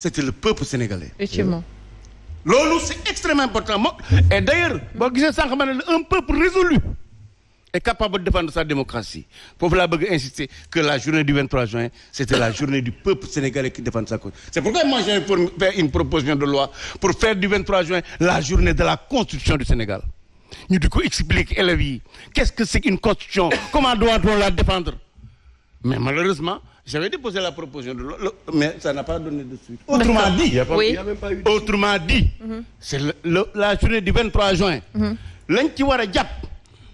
c'était le peuple c' euh, est extrêmement important moom. et d' ailleurs. boo gisee sànq ma ne la un peuple résolu. est capable bëgg insister que la journée du 23 juin c' était la journée de loi pour faire du 23 juin la journée de la constitution du Sénégal ñu di ko expliquer élèves yi une constitution comment doit-on la défendre. mais malheureusement j'avais déposé la proposition de loi mais ça n'a pas donné de suite. autrement dit. Pas, oui. autrement mhm. la, juin. Mhm. lañ ci war a jàpp.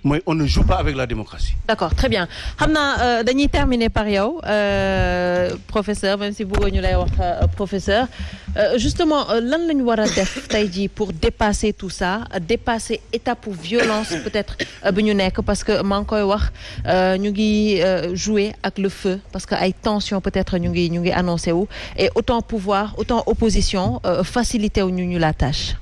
mooy on ne joue pas avec la démocratie. d'accord très bien xam naa euh, dañuy terminer par yow euh, professeur même si bëggoo ñu lay wax euh, professeur justement lan la ñu war a def tey jii pour dépasser tout ça dépasser étape violence peut-être bi ñu nekk parce que maa ngi koy wax ñu ngi jouer ak le feu parce que ay tension peut-être ñu ngi ñu ngi annoncé wu et autant pouvoir autant opposition facilité wu ñu ñu la tâche.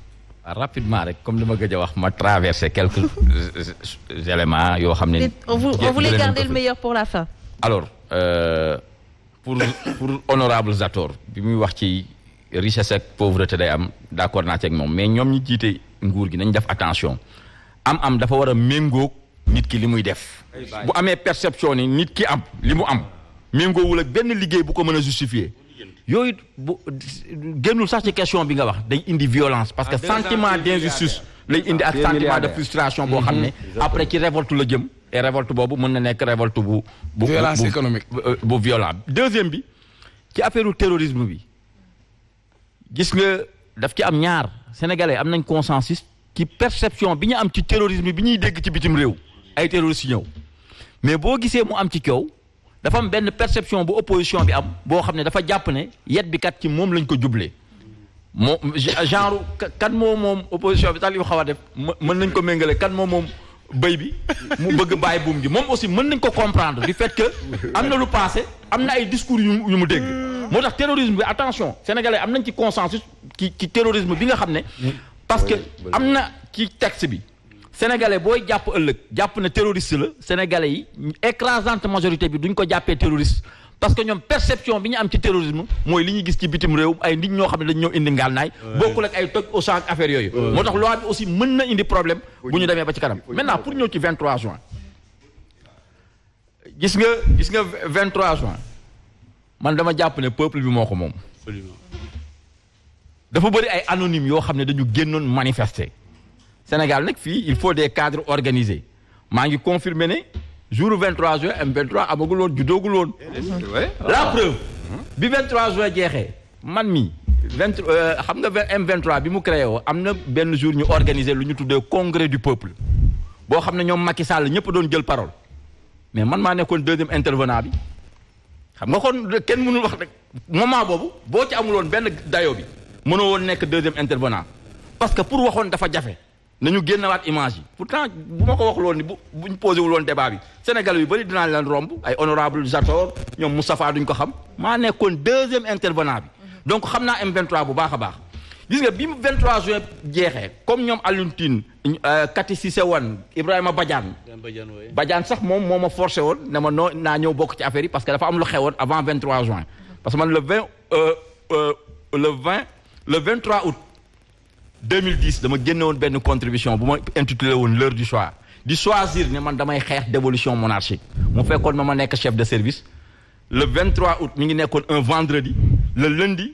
rapidement rek comme li ma gëj a wax ma traversé quelques euh, éléments yoo xam ne. on voulait garder le meilleur pour la fin. alors euh, pour pour honorable Zator bi muy wax ci richesse ak pauvreté day am d'accord naa ci ak moom mais ñoom ñi jiite nguur gi nañ def attention am-am dafa war a méngóog nit ki li muy def. bu amee perception ni nit ki am li mu am méngóowul ak benn liggéey bu ko mën a justifier. yooyu bu génnul sax ci question bi nga wax day indi violence parce que ah, sentiment d'injustice lay indi ak sentiment de frustration boo xam ne mhm. après ci révolte la jëm et révolte boobu mën na nekk révolte bu bu violence économique bu euh, violent deuxième bi ci affaire terrorisme bi gis nga daf ci am ñaar sénégalais am nañ consensus ci perception bi ñu am ci terrorisme bi ñuy dégg ci bitim réew ay terroristes ñëw mais boo gisee mu am ci kaw dafa am benn perception bu opposition bi am boo xam ne dafa jàpp ne yet bi kat ci moom lañ ko jublee moo genre kan moo moom opposition bi tax li xaw a def mën nañ ko méngale kan moo moom bëy bi mu bëgg bàyyi boom gi moom aussi mën nañ ko comprendre du fait que am na lu passé am na ay discours yu mu dégg moo tax terrorisme bi attention sénégalais am nañ ci consensus ci ci terrorisme bi nga xam ne parce que am na ci texte bi sénégalais booy jàpp ëllëg jàpp na terroriste la sénégalais yi écrasante majorité bi duñ ko jàppee terroriste parce que ñoom perception bi ñu am ci terrorisme mooy li ñu gis ci bitim réew ay nit ñoo xam ne dañ ñëw indi ngànnaay bokkul ak ay toj au champ affaire yooyu moo tax loi bi aussi mën na indi problème bu ñu demee ba ci kanam maintenant pour ñëw ci 23 gis nga gis nga 23 juin man dama jàpp ne peuple bi moo ko moom dafa bëri ay anonyme yoo xam ne dañu génnoon manifester Sénégal nag fii il faut des cadres organisés maa ngi confirmer ne jour 23 juin M23 amagul woon woon. la preuve. bi 23 juin jeexee man mi vingt euh, xam nga M23 bi mu créé woo am na benn jour ñu organiser lu ñu tuddee congrès du peuple boo xam ne ñoom Macky Sall ñëpp doon jël parole mais man maa nekkoon deuxième intervenant bi xam nga kon kenn mënul wax rek moment boobu boo ci amul woon benn dayo bi mënoo woon nekk deuxième intervenant parce que pour waxoon dafa jafe. nañu génnewaat image yi pourtant bu ma ko wax loon ni bu buñ posé wul woon débat bi Sénégal yu bëri dinaa leen romb ay honorable Zator ñoom Moustapha duñ ko xam maa nekkoon deuxième intervenant bi donc xam naa M23 bu baax a baax gis nga bi 23 juin jeexee comme ñoom Alioune Tine euh, Kati Cissé Wan Ibrahima Badiane Badiane sax moom moom ma forcé woon ne ma noo naa ñëw bokk ci affaire parce que dafa am lu xewoon avant 23 juin parce que man le 20 euh, euh, le 20 le 23 2010 dama génne woon benn contribution bu ma intitulé woon l'heure du choix di choisir ne man damay xeex dévolution monarchique mu fekkoon ma ma nekk chef de service le 23 août mi ngi nekkoon un vendredi le lundi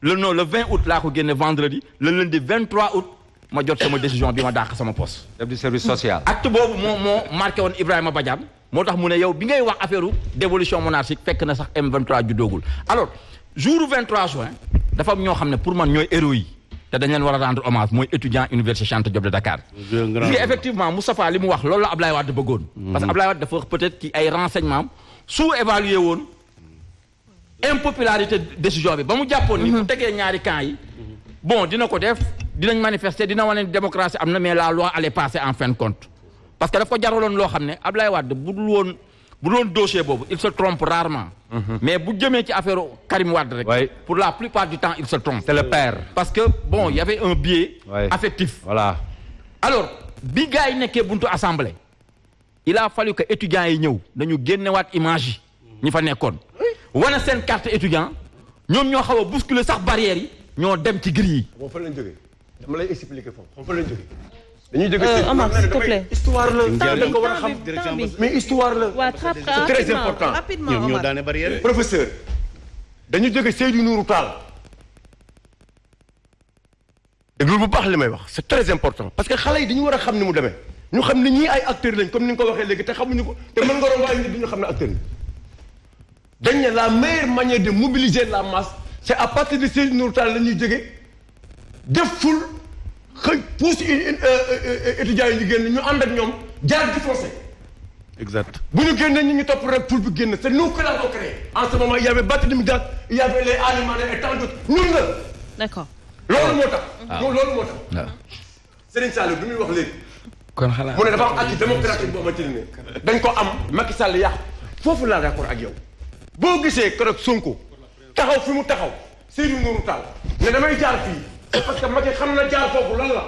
le non le 20 août laa ko génne vendredi le lundi 23 août ma jot sama décision bi ma dàq sama poste. chef service social. acte boobu moo moo marqué woon Ibrahima Badiane moo tax mu ne yow bi ngay wax affaire dévolution monarchique fekk na sax M23 ju doogul alors jour 23 juin dafa am ñoo xam ne pour man ñooy héros yi. te dañ leen war a rendre hommage mooy étudiant université Cheikh Anta Diop de Dakar li effectivement Moustapha li mu wax loolu la Ablaye Wade bëggoon hmm. parce que Ablaye Wade dafa peut-être ci ay renseignement sous-évalué woon impopularité décision bi ba mu jàppoon ni hmm. bu tegee ñaari camp yi bon dina ko def dinañ manifester dina wane démocratie am na mais la loi allait passer en fin de compte parce que daf ko jaraloon loo xam ne Ablaye Wade bu dul woon bu doon dossier boobu il sa trompe rarement. Mhm. mais bu jëmee ci affaire Karim Wade rek. pour la plupart du temps il se trompe. c'est le père. parce que bon mhm. y avait un biais. affectif. voilà alors bi gars yi nekkee buntu assemblée. il a fallu que étudiants yi ñëw dañu génnewaat image yi. ñi fa nekkoon. wane seen carte étudiant ñoom ñoo xaw a sax barrière ñoo dem ci gris yi. bon fan lañ jógee dama lay expliquer foofu fan lañ jógee. dañuy jóge si Omar s'il te ko war a xam mais histoire la c'est très important ñoom professeur dañu jóge Seydou Nourou Tall déglu bu baax li may wax c'est très important parce que xale yi dañu war a xam ni mu demee ñu xam ni ñii ay acteurs lañ comme ni nga ko waxee léegi te xamuñu ko te mën nga rombaay nit ñu xam ne acteurs dañ ne la meilleure manière de mobiliser la mas c'est à partir de Seydou Nourou Tall la ñuy jóge def xëy pousse une euh, euh, euh, étudiants yi ñu génn ñu ànd ak ñoom jaar di foncé. exact bu ñu génnee ñu ngi topp rek pour bi génn c'est nous qui l'avons créé. en ce moment il y avait Barthélémy Dias il y avait les Aly Mané et tant d'autres ñun la. d'accord loolu moo tax. waaw ah. ah. loolu moo tax. waaw ah. Serigne Sall bi muy wax léegi. kon xalaat mu ne dafa am acquis démocratique boo xamante ne dañ ko am Macky Sall yàq foofu laa d'accord ak yow. boo gisee keroog Sonko taxaw fi mu taxaw Seydou Nourou Tall ne damay jaar fii. parce que Macky xam na jaar foofu lan la.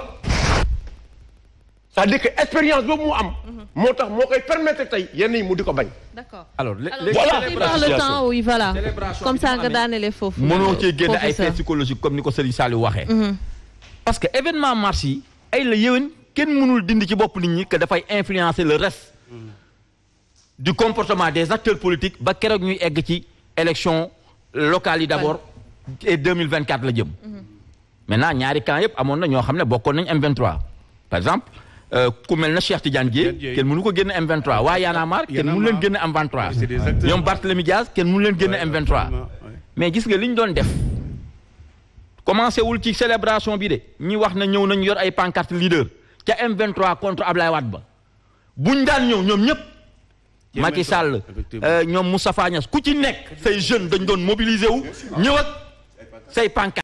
cest à mu am. Mhm. moo tax moo koy permettre tey yenn yi ko bañ. d'accord alors le temps oui voilà comme foofu. mënoo cee génne ay faits comme ni ko Serigne Saliou waxee. Mhm. parce que événement mars yi ay la yéwén kenn mënul dind ci bopp nit ñi que dafay influencer le reste. Mhm. du comportement des acteurs politiques ba keroog ñuy egg ci élection locale yi d'abord et 2024 la jëm. maintenant ñaari camp yëpp amoon na ñoo xam ne bokkoon nañ M23 par exemple euh, ku mel na Cheikh Tidiane Dièye kenn mënu ko génne M23 ah, waa Y'en a marre kenn mënu leen génne M23 ñoom Barthélemy Diaz kenn mënu leen génne M23 mais gis nga li ñu doon def commencé wul ci célébration bi de ñi wax na ñëw nañ yor ay pancarte leader ca M23 contre Ablaye Wade ba bu ñu daan ñëw ñoom ñëpp Macky Sall euh, ñoom Moustapha Niasse ku ci nekk say jeunes dañ doon mobiliser wu ñëw ak say pancarte